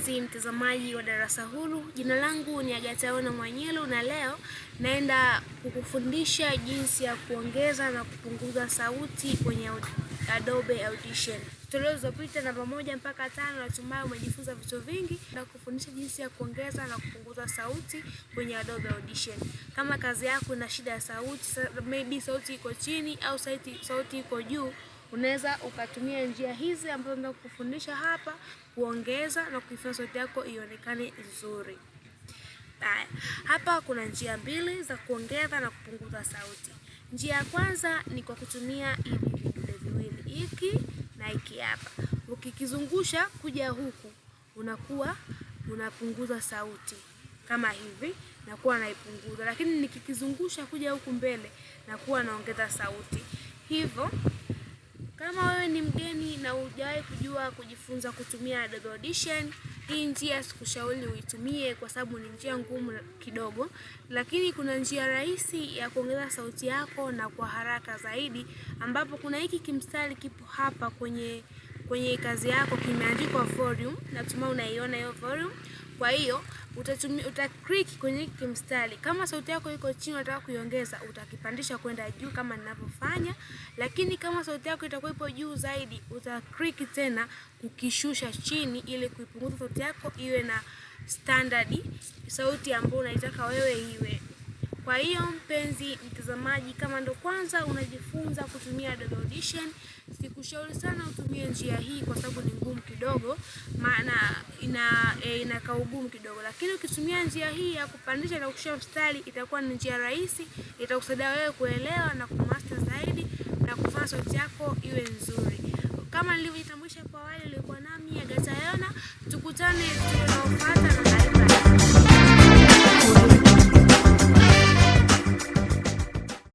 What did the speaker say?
mpenzi mtazamaji wa darasa huru, jina langu ni Agataona Mwanyelo na leo naenda kukufundisha jinsi ya kuongeza na kupunguza sauti kwenye Adobe Audition. Toleo zilizopita namba moja mpaka tano, natumai umejifunza vitu vingi na kufundisha jinsi ya kuongeza na kupunguza sauti kwenye Adobe Audition. Kama kazi yako ina shida ya sauti, maybe sauti iko chini au sauti iko juu Unaweza ukatumia njia hizi ambazo ndio kufundisha hapa kuongeza na kuifanya sauti yako ionekane nzuri. Haya, hapa kuna njia mbili za kuongeza na kupunguza sauti. Njia ya kwanza ni kwa kutumia hivi vidole viwili hiki na hiki hapa, ukikizungusha kuja huku unakuwa unapunguza sauti kama hivi, nakuwa naipunguza, lakini nikikizungusha kuja huku mbele nakuwa naongeza sauti hivyo. Kama wewe ni mgeni na hujawahi kujua kujifunza kutumia Adobe Audition, hii njia sikushauri uitumie kwa sababu ni njia ngumu kidogo, lakini kuna njia rahisi ya kuongeza sauti yako na kwa haraka zaidi, ambapo kuna hiki kimstari kipo hapa kwenye kwenye kazi yako kimeandikwa volume, natumai unaiona hiyo volume. Kwa hiyo utatumia click kwenye kimstari Kama sauti yako iko chini unataka kuiongeza, utakipandisha kwenda juu kama ninavyofanya, lakini kama sauti yako itakuwa ipo juu zaidi, click tena kukishusha chini ili kuipunguza sauti yako iwe na standard sauti ambayo unaitaka wewe iwe. Kwa hiyo mpenzi mtazamaji, kama ndo kwanza unajifunza kutumia Adobe Audition, sikushauri sana utumie njia hii kwa sababu ni ngumu kidogo, maana ina e, ina kaugumu kidogo, lakini ukitumia njia hii ya kupandisha na kushusha mstari itakuwa ni njia rahisi, itakusaidia wewe kuelewa na kumaster zaidi na kufanya sauti yako iwe nzuri. Kama nilivyojitambulisha kwa wale ilikuwa nami